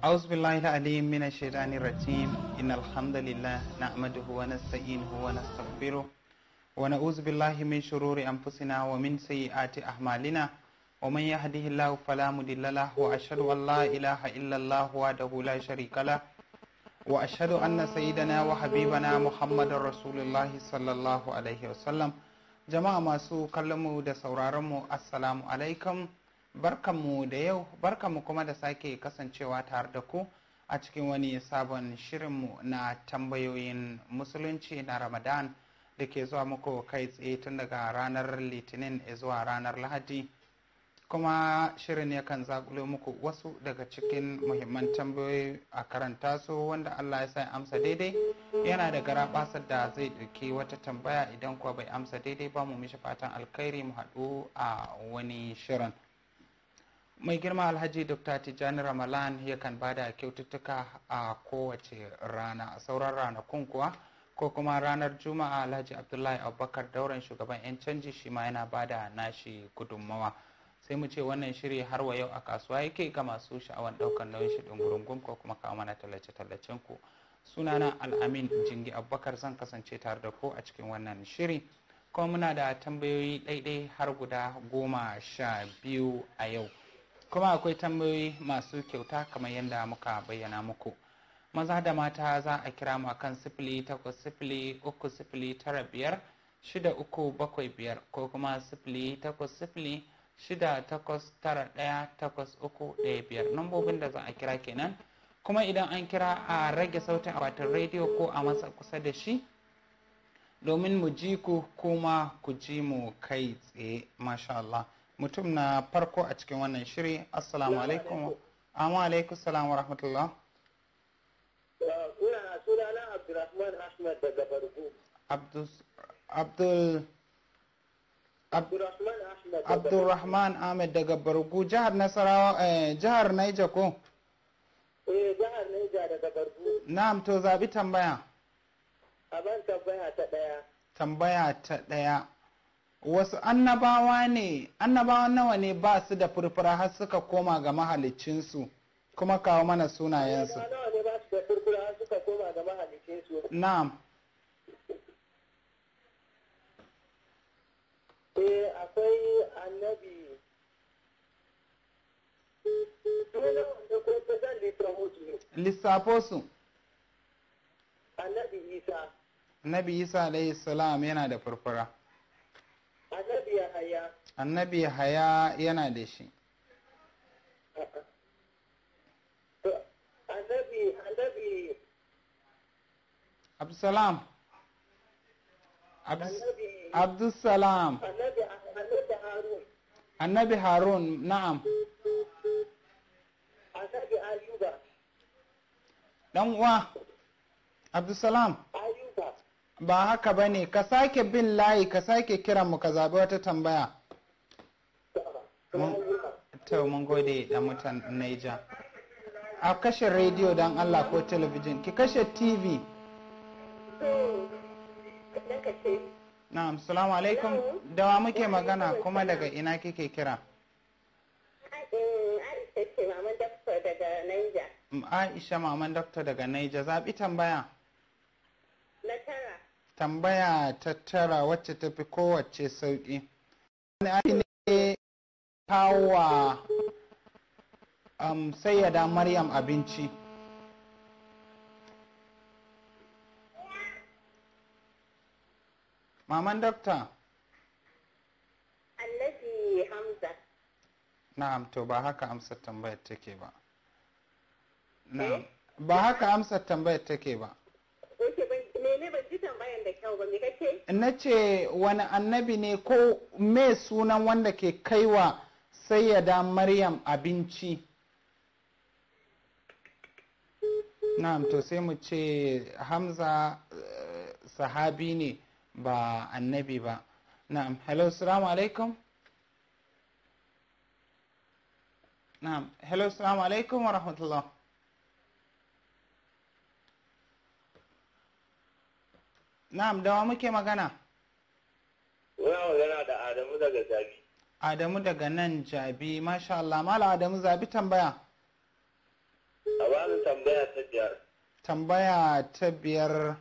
أعوذ بالله العليم من الشيطان الرجيم إن الحمد لله نحمده ونستعينه ونستغفره ونعوذ بالله من شرور أنفسنا ومن سيئات أعمالنا ومن يهده الله فلا مضل له وأشهد أن لا إله إلا الله وحده لا شريك له وأشهد أن سيدنا وحبيبنا محمد رسول الله صلى الله عليه وسلم jama'a masu kallonmu da sauraronmu assalamu alaikum barkanmu da yau barkanmu kuma da sake kasancewa tare da ku a cikin wani sabon shirinmu na tambayoyin musulunci na ramadan da ke zuwa muku kai tsaye tun daga ranar litinin zuwa ranar lahadi kuma shirin yakan zagulo muku wasu daga cikin muhimman tambayoyi a karanta su wanda allah ya sa amsa daidai yana da gara basar da zai ɗauki wata tambaya idan kuwa bai amsa daidai ba mu mishi fatan alkhairi mu haɗu a wani shirin mai girma alhaji dr tijjani ramalan yakan ba da kyaututtuka a kowace rana a sauran ranakun kuwa ko kuma ranar juma'a alhaji abdullahi abubakar dauran shugaban 'yan canji shi ma yana ba da nashi gudunmawa sai mu ce wannan shiri har wa yau a kasuwa yake ga masu sha'awar ɗaukar nauyin shi dungurungun ko kuma kawo mana tallace-tallacen ku sunana al'amin jingi abubakar zan kasance tare da ku a cikin wannan shiri kuma muna da tambayoyi ɗaiɗai har guda goma sha biyu a yau kuma akwai tambayoyi masu kyauta kamar yadda muka bayyana muku maza da mata za a kira mu akan sifili takwas sifili uku sifili tara biyar shida uku bakwai biyar ko kuma sifili takwas sifili shida takwas tara ɗaya takwas uku ɗaya biyar lambobin da za a kira kenan kuma idan an kira a rage sautin akwatin rediyo ko a matsa kusa da shi domin mu ji ku kuma ku ji mu kai tsaye masha Allah. mutum na farko a cikin wannan shiri assalamu alaikum amma alaikum salam wa rahmatullah sunana sunana abdulrahman ahmad daga bargu abdul abdulrahman ahmed daga bargu jihar nasarawa jihar naija ko eh jihar naija daga bargu na'am to zabi tambaya aban tambaya ta daya tambaya ta daya wasu annabawa ne annabawa nawa ne ba su da furfura har suka koma ga mahalicinsu kuma kawo mana sunayensu na'am eh akwai annabi lissafo su annabi isa annabi isa alayhi salam yana da furfura annabi yahaya annabi yahaya yana da shi annabi annabi absalam abdussalam annabi harun annabi harun na'am annabi ayuba dan uwa abdussalam ba haka ba ne ka sake bin layi ka sake kiran mu ka zaɓi wata tambaya to mun gode da mutan naija a kashe rediyo don allah ko talabijin ki kashe tv na'am salamu alaikum dawa muke magana kuma daga ina kike kira aisha maman dakta daga naija aisha maman dakta daga naija zaɓi tambaya tambaya ta tara wacce ta fi kowace sauƙi wani aiki ne kawa um, sayyada maryam abinci maman dokta allazi hamza na'am to ba haka amsar tambayar take ba na'am eh? ba haka amsar tambayar take ba da kyau ba me kace na ce wani annabi ne ko me sunan wanda ke kaiwa sayyada maryam abinci na'am to sai mu ce hamza eh, sahabi ne ba annabi ba na'am hello salamu alaikum na'am hello salamu alaikum wa rahmatullah na'am da wa muke magana muna magana da adamu daga jabi. adamu daga nan jabi masha Allah mala adamu zabi tambaya a bani tambaya ta biyar tambaya ta biyar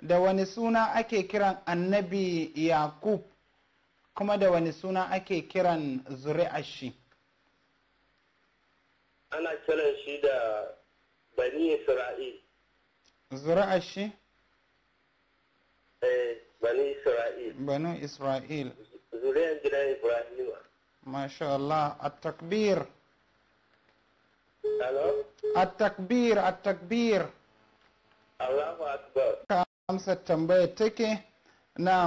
da wani suna ake kiran annabi yakub kuma da wani suna ake kiran zuri'ar shi ana kiran shi da bani isra'il zuri'ar shi Eh, bani Isra'il. Bani Isra'il. Zuriyar gidan Ibrahim. Masha Allah, at-takbir. Hello? At-takbir, at-takbir. Allahu Akbar. Ka amsa tambayar take, na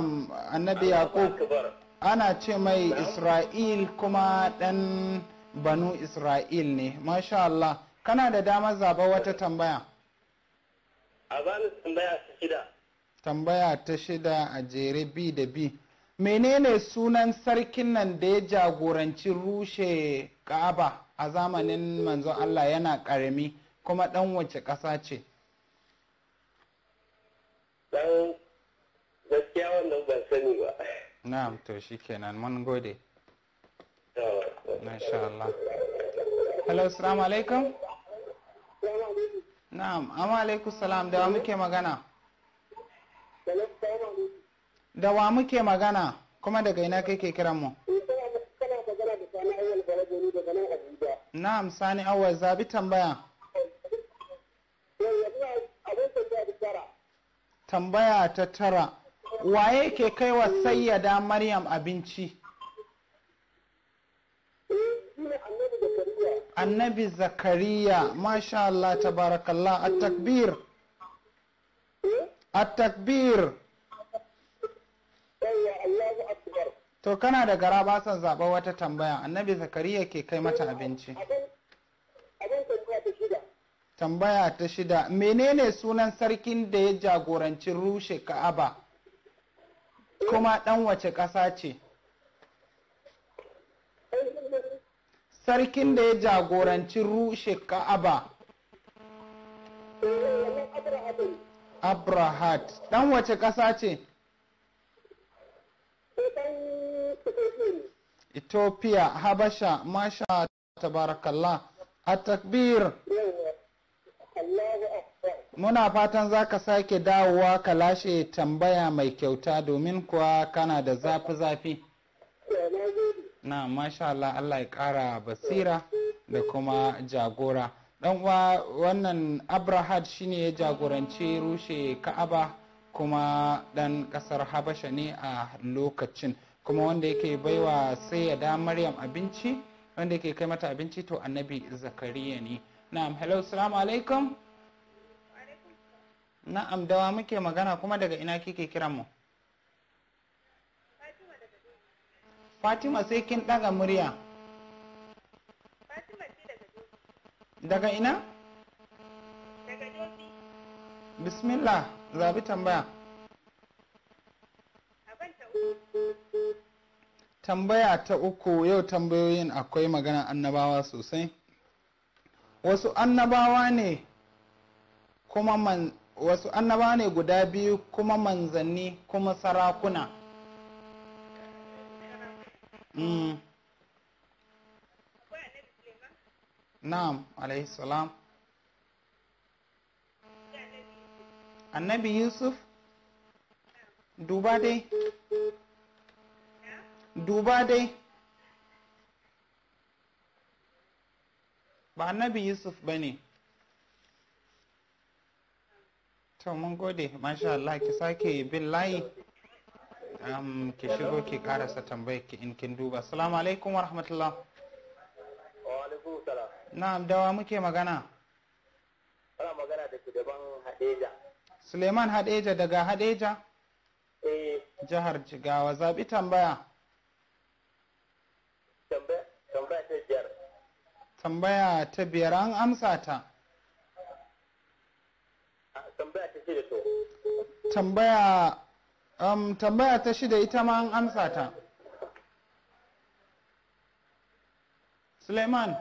annabi Yaqub. Ana ce mai Isra'il kuma ɗan Banu Isra'il ne, Masha Allah. Kana da damar zaba wata tambaya? A bani tambaya su shida. tambaya ta shida a jere b da b menene sunan sarkin nan da ya jagoranci rushe ka'aba a zamanin manzon allah yana karami kuma dan wace ƙasa ce dan gaskiya wannan ban sani ba na'am to shikenan mun gode masha Allah hello assalamu alaikum na'am amma alaikum salam da muke magana da wa muke magana kuma daga ina kai ke kiran mu eh, na'am sani awal zabi tambaya tambaya ta tara waye ke kai wa sayyada maryam abinci eh, annabi zakariya masha Allah tabarakallah a takbir at-takbir to kana da gara ba son zaɓa wata tambaya annabi zakariya ke kai mata abinci tambaya ta shida menene sunan sarkin da ya jagoranci rushe ka'aba kuma ɗan wace ƙasa ce sarkin da ya jagoranci rushe ka'aba abrahat dan wace ƙasa ce ethiopia habasha masha tabarakallah a muna fatan za ka sake dawowa ka lashe tambaya mai kyauta domin kuwa kana da zafi-zafi na masha Allah Allah ya ƙara basira da kuma jagora dan uwa wannan abrahad shine ya jagoranci rushe ka'aba kuma dan kasar habasha ne a lokacin kuma wanda yake baiwa sai ya da maryam abinci wanda yake kai mata abinci to annabi zakariya ne na'am hello salamu alaikum na'am dawa muke magana kuma daga ina kike kiran mu fatima sai kin daga murya daga ina daga jordi bismillah zabi tambaya tambaya ta uku yau tambayoyin akwai magana annabawa sosai wasu annabawa ne kuma man wasu annabawa ne guda biyu kuma manzanni kuma sarakuna hmm. na'am alaihi salam annabi yusuf duba dai duba dai ba annabi yusuf ba ne to mun gode masha Allah ki sake bin layi um, ki shigo ki karasa tambayar ki in kin duba assalamu alaikum wa rahmatullah na'am dawa muke magana ana magana da shugaban hadeja suleiman hadeja daga hadeja eh jihar jigawa zaɓi tambaya tambaya ta biyar tambaya ta biyar an amsa ta tambaya ta shida to tambaya um, tambaya ta shida ita ma an amsa ta suleiman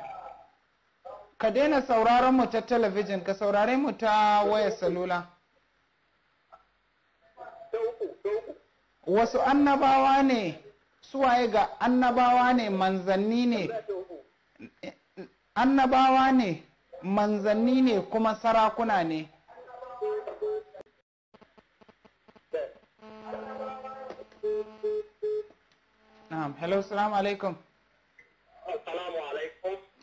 ka daina sauraron mu ta talabijin ka saurare mu ta wayar salula wasu annabawa ne suwaye ga annabawa ne manzanni ne annabawa ne manzanni ne kuma sarakuna ne na'am hello salamu alaikum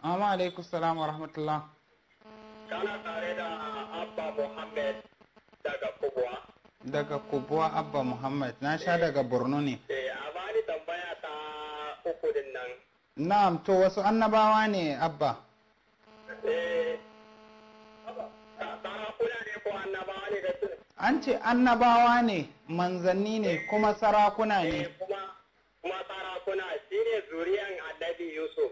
Amma alaikum salam wa rahmatullah. Kana tare da Abba Muhammad daga Kubwa. Daga Kubwa Abba Muhammad, na sha eh. daga Borno ne. Eh, amma ni tambaya ta uku din nan. Na'am, to wasu annabawa ne Abba. sarakuna eh, ne ko annabawa ne da su? An ce annabawa ne, manzanni ne, eh. kuma sarakuna ne. kuma sarakuna shi ne zuriyan Annabi Yusuf.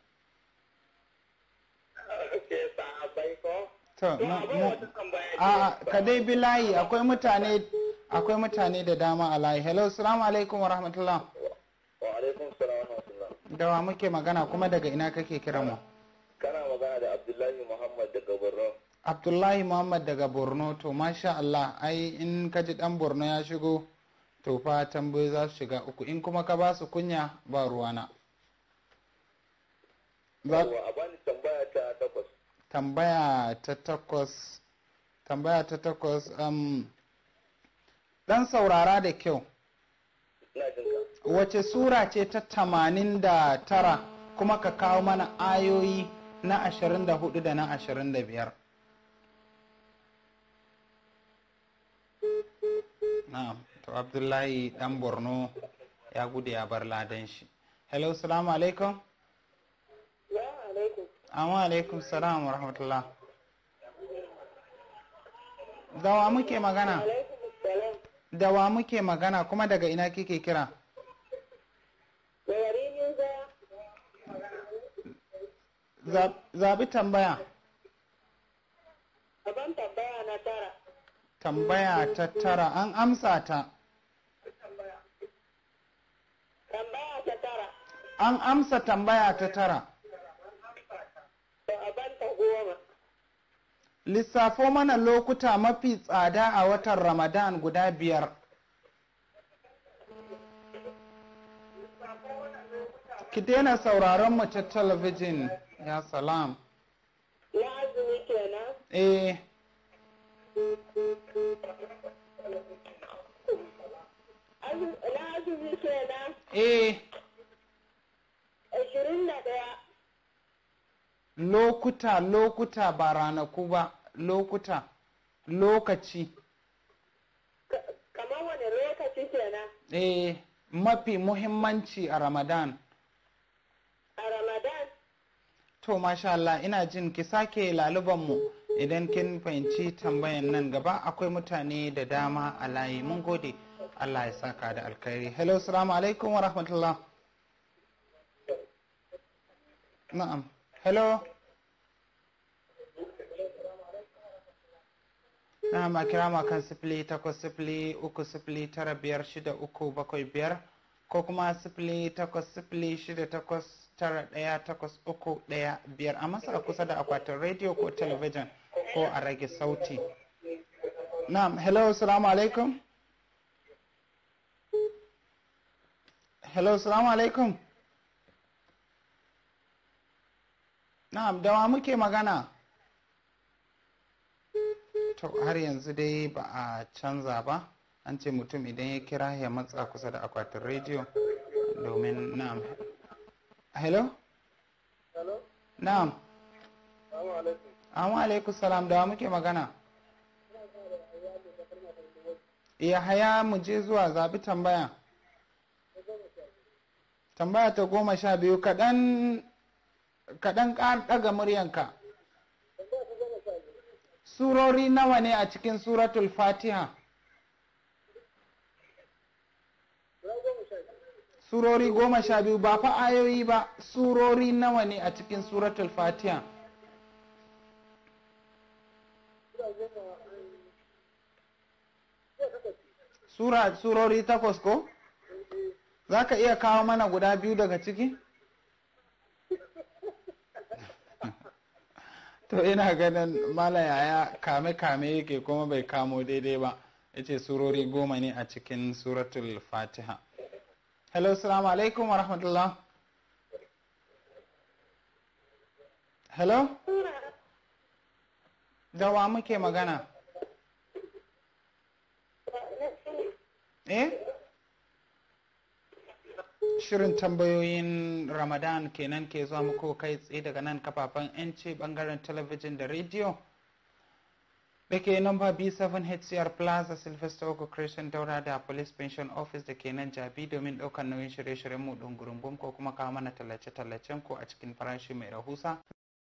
To, ka dai bi layi akwai mutane akwai mutane da dama a layi hello salamu alaikum wa rahmatullah wa alaikum salam wa muke magana kuma daga ina kake kira mu kana magana da abdullahi muhammad daga borno abdullahi muhammad daga borno to masha allah ai in ka ji dan borno ya shigo to fa tambayi za su shiga uku in kuma ka ba su kunya ba ruwana za tambaya ta takwas tambaya ta takwas um, dan saurara da kyau wace sura ce ta tamanin da tara kuma ka kawo mana ayoyi na ashirin da hudu da na ashirin da biyar na'am to abdullahi dan borno ya gudu ya bar ladan shi hello salamu alaikum Amma alaikum salam wa rahmatullah. Dawa muke magana? Dawa muke magana kuma daga ina kike kira? Zabi tambaya. Zaban tambaya na tara. Tambaya ta tara an amsa ta. Tambaya ta tara. An amsa tambaya ta tara. lissafo mana lokuta mafi tsada a watan ramadan guda biyar ki daina sauraron mu ta talabijin ya salam ya azumi kenan eh na azumi kenan eh 21 lokuta lokuta ba ranaku ba lokuta lokaci kamar wani lokaci kenan eh mafi muhimmanci a ramadan a ramadan to masha Allah ina jin ki sake laluban mu idan kin fahimci tambayan nan gaba akwai mutane da dama a layi mun gode Allah ya saka da alkhairi hello salamu alaikum wa rahmatullah na'am hello na ma kira ma kan sifili takwas sifili uku sifili tara biyar shida uku bakwai biyar ko kuma sifili takwas sifili shida takwas tara ɗaya takwas uku ɗaya biyar a masara kusa da akwatin radio ko television ko a rage sauti na'am hello salamu alaikum hello salamu alaikum na'am da wa muke magana to har yanzu dai ba a canza ba an ce mutum idan ya kira ya matsa kusa da akwatin rediyo domin na'am hello hello na'am Assalamu alaikum salam dawa muke magana Ya haya mu je zuwa zabi tambaya tambaya ta goma sha biyu kaɗan ka ɗan ɗaga muryanka surori nawa ne a cikin suratul fatiha surori goma sha biyu ba fa ayoyi ba surori nawa ne a cikin suratul fatiha surori takwas ko za ka iya kawo mana guda biyu daga ciki to ina ganin mala yaya kame-kame yake kuma bai kamo daidai ba ya ce surori goma ne a cikin suratul fatiha hello salamu alaikum wa rahmatullah hello dawa muke magana eh Shirin tambayoyin Ramadan kenan ke zuwa muku kai tsaye daga nan kafafen 'yanci bangaren talabijin da rediyo. da ke namba b7hcr plaza sylvester ogo christian daura da police pension office da ke nan jabi domin ɗaukan nauyin shirye-shiryen mu ɗungurumbum ko kuma kawo mana tallace-tallacen ko a cikin farashi mai rahusa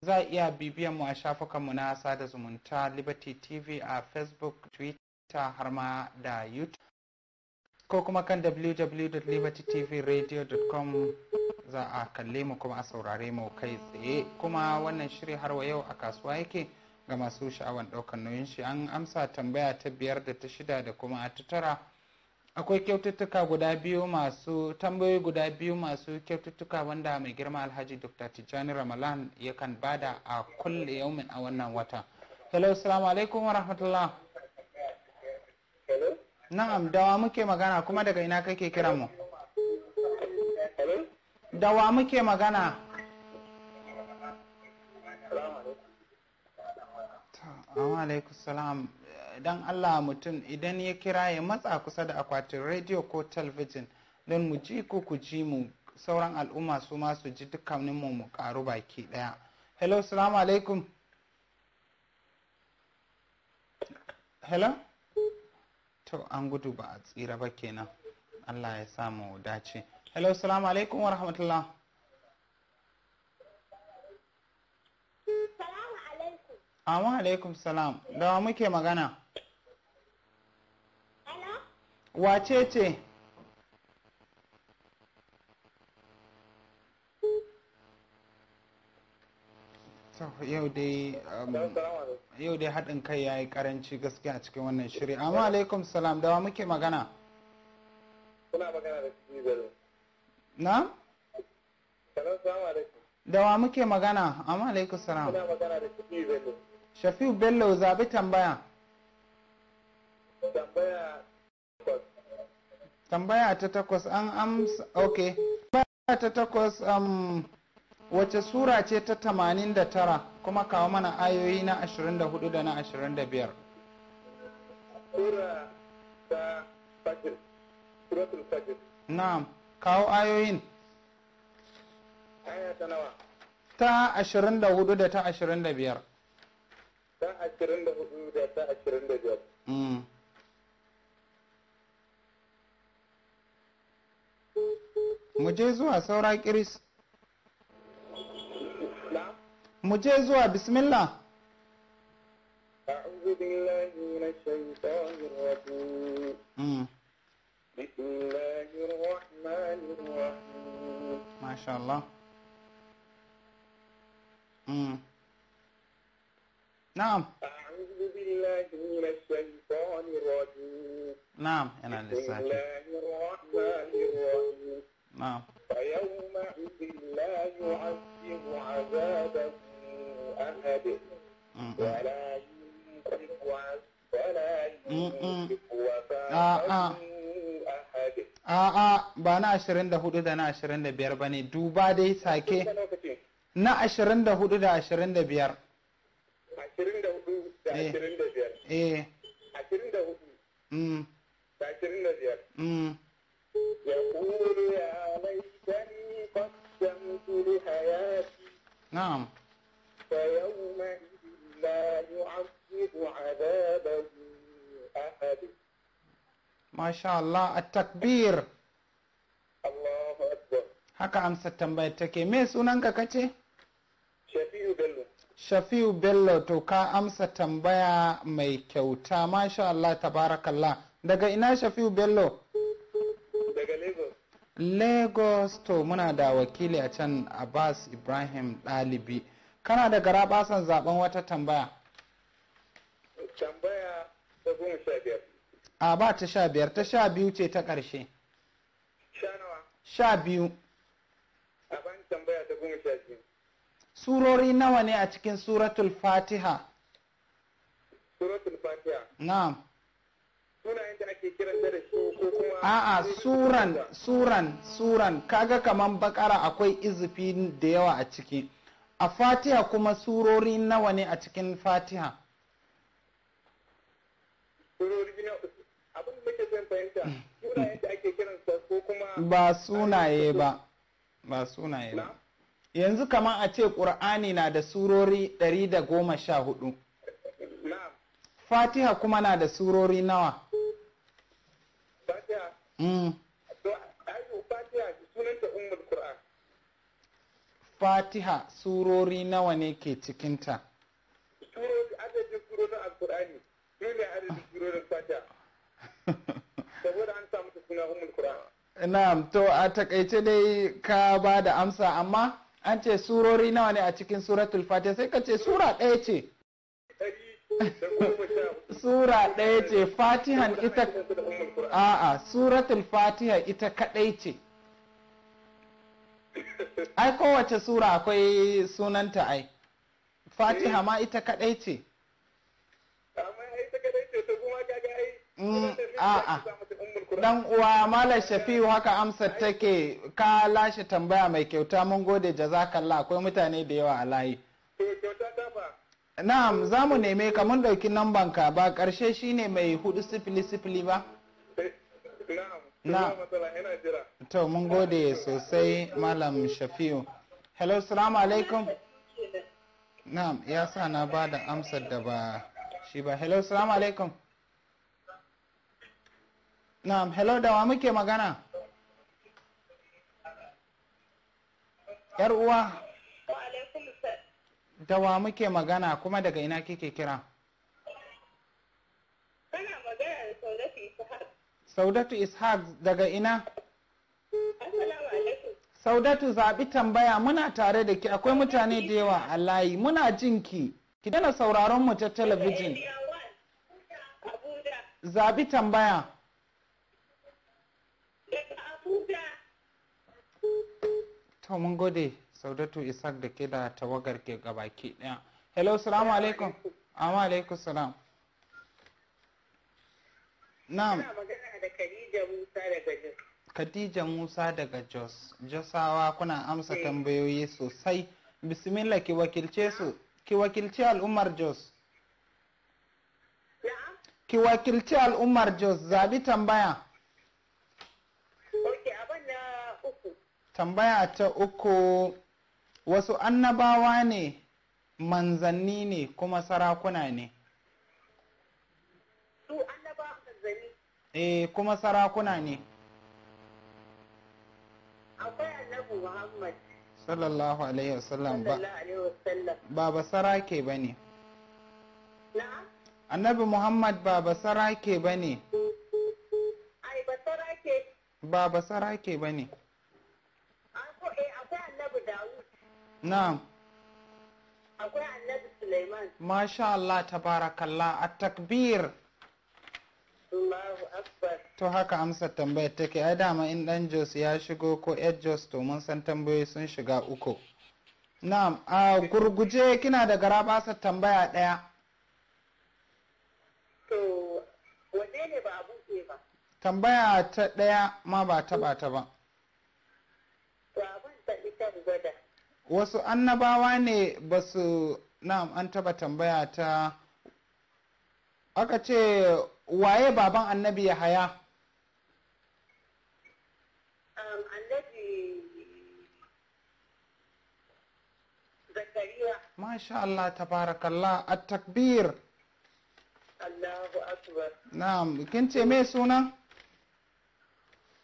za a iya bibiyan mu a shafukanmu na sada zumunta liberty tv a facebook twitter har ma da youtube ko kuma kan www.libertytvradio.com za a kalle mu kuma a saurare mu kai tsaye kuma wannan shiri har wa yau a kasuwa yake ga masu sha'awan ɗaukar nauyin shi an amsa tambaya ta biyar da ta shida da kuma ta tara akwai kyaututtuka guda biyu masu tambayoyi guda biyu masu kyaututtuka wanda mai girma alhaji dr tijjani ramalan yakan bada a kulle yaumin a wannan wata hello alaikum wa rahmatullah Na'am, dawa muke magana kuma daga ina kake kira mu? Dawa muke magana. Assalamu alaikum salam. Dan Allah mutum idan ya kira ya matsa kusa da akwatin rediyo ko television don mu ji ku ku ji mu sauran al'umma su ma su ji dukkanin mu mu karu baki daya. Hello, salamu alaikum. Hello? to an gudu ba a tsira ba kenan allah ya samu dace hello salamu alaikum wa rahmatullah Amu ah, alaikum salam, da muke magana? Wace ce? yau dai um, yau dai haɗin kai ya yi ƙaranci gaskiya cikin wannan shiri amma alaikum salam dawa muke magana kuna magana da shi bello na salam salam alaikum dawa muke magana amma alaikum salam kuna magana da shi bello shafiu bello zabi tambaya tambaya tambaya ta takwas an amsa ok tambaya ta takwas um, wace sura ce ta 89 kuma kawo mana ayoyi na 24 da na 25 sura ta fajr suratul fajr na'am kawo ayoyin aya ta nawa ta 24 da ta 25 ta 24 da ta 25 mm mu je zuwa saura kiris مجيزوا بسم الله أعوذ بالله من الشيطان الرجيم بسم الله الرحمن الرحيم ما شاء الله مم. نعم أعوذ بالله من الشيطان الرجيم نعم أنا لسه بسم الله الرحمن الرحيم نعم فيومئذ لا يعذب عذابه أحد ولا يملك ولا يملك وفاء A'a ba na ashirin da hudu da na ashirin da biyar ba ne duba dai sake na ashirin da hudu da ashirin da biyar. Ashirin da hudu da eh. ashirin da biyar. Eh. Ashirin da hudu. Mm. Da ashirin da biyar. Mm. Ya kuri ya laitani kwasan turi hayati. Na'am. فيومئذ لا يعذب عذابه أحد ما شاء الله التكبير الله أكبر haka amsa tambayar take me sunanka kace shafi'u bello shafi'u bello to ka amsa tambaya mai kyauta masha Allah tabarakallah daga ina shafi'u bello daga lagos lagos to muna da wakili a can abbas ibrahim ɗalibi kana da garabasan zaben wata tambaya tambaya ta goma sha biyar a ba ta sha biyar ta sha biyu ce ta ƙarshe sha nawa sha biyu a ban tambaya ta goma sha biyu surori nawa ne a cikin suratul fatiha suratul fatiha na'am sunayen da ake kiran da shi ko kuma a'a suran suran suran kaga kaman bakara akwai izifi da yawa a ciki a fatiha kuma surori nawa ne a cikin fatiha ba sunaye ba ba sunaye ba yanzu kamar a ce ƙur'ani na da surori 114 fatiha kuma na da surori nawa fatiha mm. fatiha surori nawa ne ke cikinta surori adadin surorin alkur'ani dole adadin surorin fatiha saboda an samu suna umul qur'an na'am to a takaice dai ka ba da amsa amma an ce surori nawa ne a cikin suratul fatiha sai ka ce sura ɗaya ce sura ɗaya ce fatihan ita a'a suratul fatiha ita kaɗai ce ai kowace sura akwai sunanta ai fatiha ma ita kadai ce a'a dan uwa malam shafi'u haka amsar take ka lashe tambaya mai kyauta mun gode jazakallah akwai mutane da yawa a layi na'am za mu neme ka mun ɗauki namban ka ba ƙarshe shine mai hudu sifili sifili ba eh, na'am na to mun gode sosai malam shafi'u hello salamu alaikum na'am ya sa na ba da amsar da ba shi ba hello salamu alaikum na'am hello da wa muke magana yar uwa da wa muke magana kuma daga ina kike kira Saudatu Ishaq daga ina? Saudatu zaɓi tambaya muna tare da ki akwai mutane da yawa a layi muna jin ki ki dana sauraron mu ta talabijin. Zaɓi tambaya. To mun gode Saudatu Ishaq da ke da tawagar ke gabaki ɗaya. Hello, salamu alaikum. Amma alaikum salam. Na'am. Khadija Musa daga Jos. Khadija Musa daga Jos. Josawa kuna amsa eh. tambayoyi sosai. Bismillah ki wakilce su. Ki wakilce al'ummar Jos. Ki wakilce al'ummar Jos zabi tambaya. abin uku. Tambaya ta uku wasu annabawa ne manzanni ne kuma sarakuna ne. Su e kuma sarakuna ne akwai annabi muhammad sallallahu alaihi wasallam ba ba ba sarake ba ne annabi muhammad ba ba sarake ba ne ba ba sarake ba ne eh, na'am akwai annabi suleiman masha allah ta barakalla a takbir To haka amsa tambayar take ai dama in dan Jos ya shigo ko Ed Jos to mun san tambayoyi sun shiga uku. Na'am, a gurguje kina da garabasar tambaya ɗaya. To, wanne ne ba abu ke ba? Tambaya ta ɗaya ma ba taɓa ta ba. To, abin ta ita gwada. Wasu annabawa ne ba su na'am an taɓa tambaya ta aka ce waye baban annabi ya haya um, Masha Allah tabarakallah a takbir. Allahu Akbar. Na'am, kin ce me suna?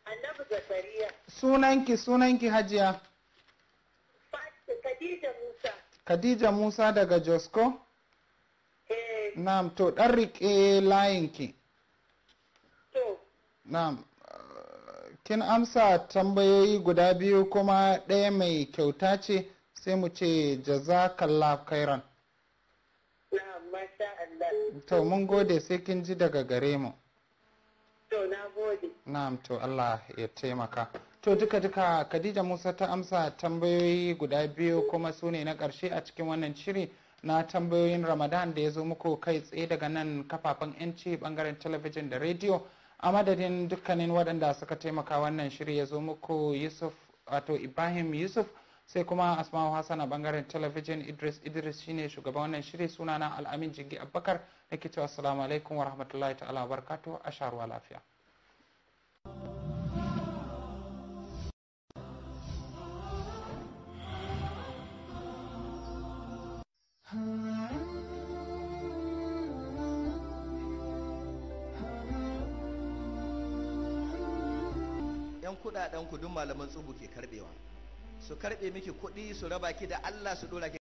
Annabi Zakariya. Sunanki sunanki Hajiya. Khadija Musa. Khadija Musa daga Josko? na'am to dan rike layin ki to na'am eh, kin amsa tambayoyi guda biyu kuma ɗaya mai kyauta ce sai mu ce jazakallah khairan to mun gode sai kin ji daga gare mu to na gode na'am to Allah ya taimaka to duka duka Khadija Musa ta amsa tambayoyi guda biyu kuma su ne na ƙarshe a cikin wannan shiri na tambayoyin ramadan da ya zo muku kai tsaye daga nan kafafen yanci bangaren talabijin da rediyo a madadin dukkanin waɗanda suka taimaka wannan shiri ya zo muku yusuf wato ibrahim yusuf sai kuma asma'u hassan a bangaren talabijin idris idris shine shugaban wannan shiri na al'amin jigi abubakar da ke cewa alaikum wa rahmatullahi ta'ala wa a sharuwa lafiya. 'yan kudaden kudin malaman tsubu ke karbewa su karbe miki kudi su raba ki da Allah su dora ki